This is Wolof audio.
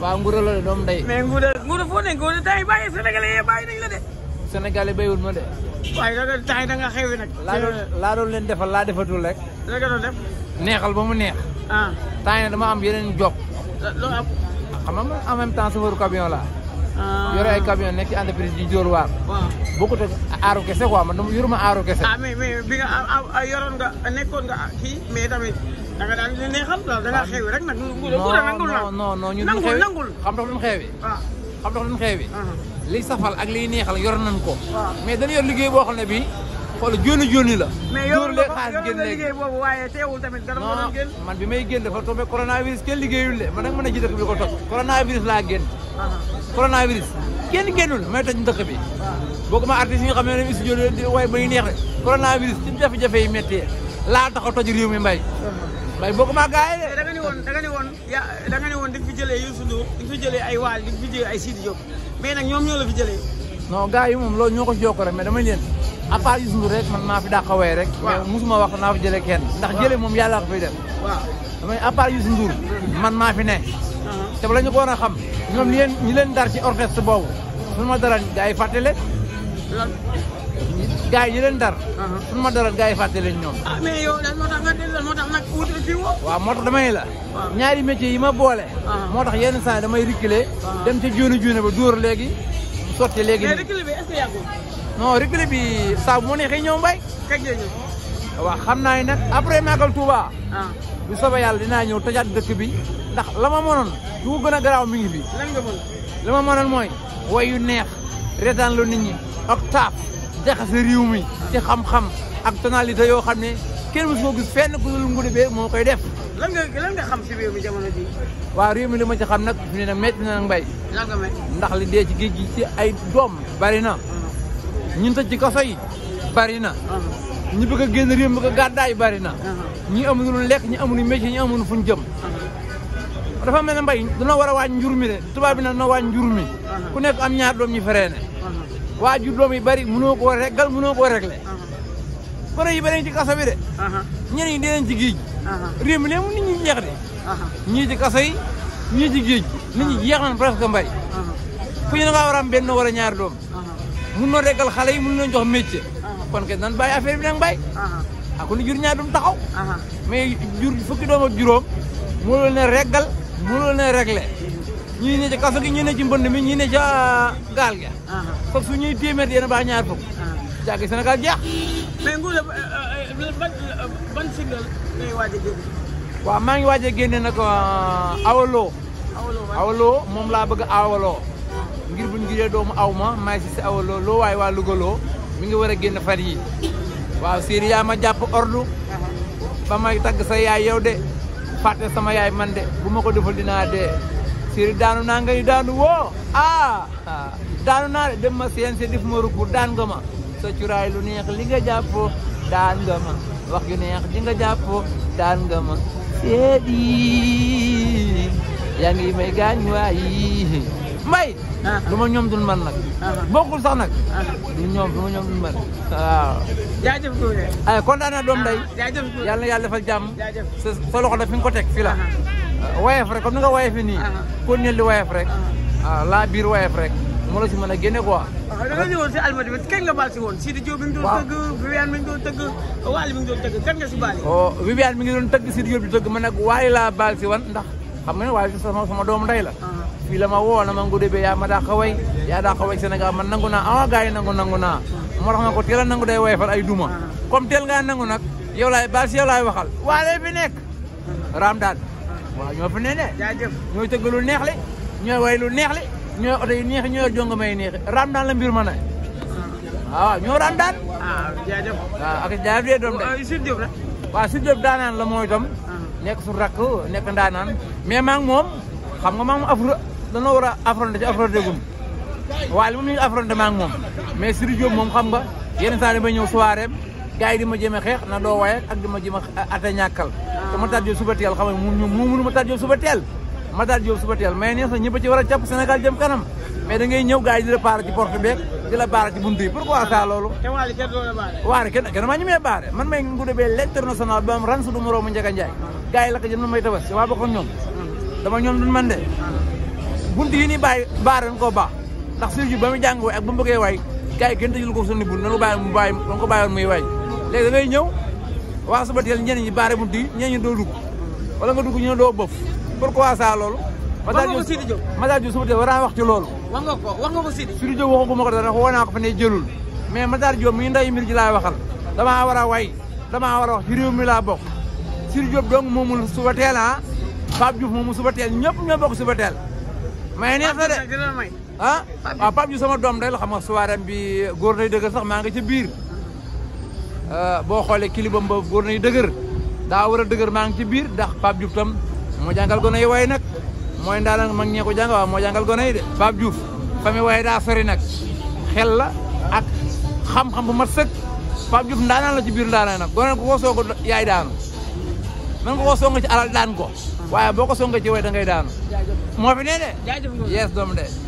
waaw nguur la de doom day mais nguur nguur foo ne nguur a bàyyi sénégalais yi bàyyi nañ la de sénégalais béyul ma de waaye da nga tay da nga xewi laa doon leen defal laa defatul rek la nga neexal ba mu neex ah dama am yeneen job loo am xam nga en même temps chauffeur camion la Ah. yore ay camion nekk ci entreprise di jóor waar. waaw bokkut ak aaru man dama yoruma aaru kese. ah mais mais bi nga yoroon nga nekkoon nga ah, kii mais tamit da nga daan neexal da nga ah. xewi rek nag. nangul non non non ñu nangul nangul xam nga duñ xewi. waaw xam nga duñ xewi. liy safal ak liy neexal yor nañ ko. mais dan yor liggéey boo xam ne bii. xool jóoni jóoni la. jóor leen xaalis génn léegi mais boobu waaye teewul tamit man bi may génn dafa tombé coronavirus kenn liggéeyul de man nag mën a jiite bi ko toog coronavirus laa génn coronavirus kenn génnul ma tëj ndëkk bi boo ko ma artistes yi nga xam ne dañuy studio di way ba ñu neex de coronavirus ci laa tax a toj réew mi mbay mbay boo ko maa gars yi de da nga ne woon da nga ne woon da jëlee Youssou Ndour di fi jëlee ay Waly ñoo la fi jëlee non yi moom loolu ñoo ko si yokk rek mais dama leen à part Youssou Ndour rek man maa fi dàqa way rek mais musuma wax naa fi jëlee kenn ndax jëlee moom yàlla ko fay def waaw damay à part man maa fi ne uh-huh. te bala ñu ko a xam ñoom leen ñi leen dar ci orchestre boobu suñu ma dara gars yi fàtte gaa lan. yi ñi leen dar. suñu uh-huh. ma dara gars yi fàtte leen ñoom. ah mais yow lan moo tax nga déglu moo tax nag wutal damay la. ñaari métiers yi ma boole. Uh-huh. moo tax yenn saa damay reculer. Uh-huh. dem ca juune juune ba dóor léegi. mu léegi nii mais bi est ce saa bu ma neexee ñëw mbay. kañ lay xam naa ne nag après Magal Touba. Ah. bu soobee yàlla dinaa ñëw tëjaat dëkk bi. ndax la ma mënoon lu gën a garaaw mi ngi fi. lan nga mën mooy way yu neex reetaan lu nit ñi octave jaxase réew mi xam-xam ak tonalité yoo xam ne kenn mës koo gis fenn ku dul Ngouda Beye moo koy def. lan nga lan nga xam si réew mi ji waaw réew mi li ma xam nag fi ne nag métti na nag ndax li dee ci géej gi ci ay doom bari na. Uh-huh. ñun tëj ci kaso bari na. Uh-huh. ñi bëgg a génn réew mi bëgg bari na. Uh-huh. ñi amuñu lu lekk ñi amuñu métier ñi amuñu fuñ jëm. dafa mel ne mbay dina wara wañ jurmi de tuba bi na na wañ jurmi ku nek am ñaar dom ñi feree ne dom yi bari mëno ko régal mëno ko regle bari yi bari ci kaso bi de ñeñ ñi dee ci géej gi réew mi nit ñi jeex de ñi ci kaso yi ñi ci géej gi nit ñi jeex nañ presque mbay fu ñu nga ngaa war a am benn wala ñaar dom mëno régal xalé yi mëno jox métier kon ke nan bay affaire bi nak mbay ah jur ñaar dom taxaw mais jur fukki dom ak mo lo ne regal mënoo leen réglé ñii ne ci kaso gi ñii ne ci mbënd mi ñii ne ca gaal ga. foog su ñuy téeméer yéen a baax ñaar fukk. jàgg Sénégal jeex. mais euh, euh, euh, maa ngi waaje a génne nag awaloo. awaloo moom laa bëgg awaloo. ngir buñ ngiree doomu aw ma maay si si awaloo loo waaye waa Louga mi ngi war a génn fan yi waaw Sëriñ yaa ma jàpp ordu. ba may tagg sa yaay yow de. fàtte sama yaay man de bu ma ko deful dinaa dee siri daanu naa nga ñu daanu woo ah, ah! daanu naa dem ma seen si def ma rukur daan nga ma sa curaay lu neex li nga jàpp daan nga ma wax yu neex di nga jàpp daan nga ma seedi yaa ngi may gaañ waayi mbay ah. lu ma ñoom dul man nag ah. bokkul sax nag du ah. ñoom du ma ñoom dul man waaw jaajëf Gouye ay eh, kontaan naa doom day yàlla yàlla defal jàmm sa loxo da fi nga ko teg fi la eh, wayef rek comme ni nga wayefe nii continuer di wayef rek laa biir wayef rek moo si mën a génne quoi. waaw da nga ñëwoon si Almadies bi woon. waaw Sidi Diop mi ngi doon tëgg Viviane mi ngi doon tëgg nga si baal yi. oh Viviane mi ngi doon tëgg Sidi Diop di tëgg man nag Waly laa baal si wan ndax xam nga ne Waly sama ma doom ndey la. fii la ma woo na ma Ngouda Beye yaa ma daa xaway yaa daa xaway Sénégal man nangu naa ah gars yi nangu nangu ma ko teel a nangu day woyofal ay duma comme teel ngaa nangu nag yow laay baal si yow laay waxal waa lay fi nekk Ramdaan waaw ñoo fi ne ne jaajëf ñooy tëgg lu neex li ñooy way lu neex li ñooy oto yu neex ñooy jongama yi neex Ramdaan la mbir ma ne waaw ñoo Ramdaan ah jaajëf waaw ak jaajëf dee doom de Sidy Diop la waaw Sidy la mooy itam ah. nekk su rakk nekk ndaanaan mais maa moom xam nga dañu wara affronter ci affronter gum waaye li ñu affronter ma ak mom mais Sidy Diop mom xam nga yenn saa damay ñew soirée gaay di ma jëme xex na do waye ak di ma jéem a ata ñàkkal te Matar suba teel xam nga mu mënu Matar Diop suba teel Matar Diop suba teel mais nee sa ñëpp ci wara japp Sénégal jëm kanam mais da ngay ñew gaay di la baare ci porte beeg di la baare ci buntu pourquoi ça lolu té wali do loolu waari kenn kenn ma ñu may baare man may ngude bee l'international ba am ran su du moro mu Njaay gars gaay la ko jëm na may tabas wa bokkoon ñom dama ñom duñ man dé bunt yi nii bàyyi baar dañ koo baax ndax Sëriñ Juuf ba mu jàng way ak ba mu bëggee way gars yi kenn tëjul ko suñu bunt nanu bàyyi mu bàyyi dañ ko bàyyoon muy way léegi da ngay ñëw waa suba teel ñenn ñi baare bunt yi ñenn ñi doo dugg wala nga dugg ñu ne doo bëf pourquoi ça loolu Matar Diop suba teel war naa wax ci loolu wax nga ko wax nga ko Sidi Sidi Diop waxaguma ko dara woo naa ko fa ne jëlul mais Matar Diop mi nday mbir ji laay waxal damaa war a way damaa war a wax ci réew mi laa bokk Sidi Diop donc moomul suba teel ah Pape Diouf moomul suba teel ñëpp ñoo bokk suba teel Ah, ma eh, na de ah waaw Pape Diouf sama doom day la xam nga soirée bi góor nay dëgër sax maa nga ca biir boo xoolee kilibam ba góor nay dëgër daa war a ma maa ngi ci biir ndax Pape Diouf tam moo jàngal gone yi waaye nag mooy ndaanaan mag ñee ko jàng waaw moo jàngal gone yi de Pape Diouf fa mi waaye daa sori nag xel la ak xam-xam bu mat sëkk Pape Diouf ndaanaan la ci biir ndaanaan nag gone ko ko yaay daanu nan ko ko songa ci alal daan ko waaye boo ko songa ci way da ngay daanu More banana? Yes, dominant.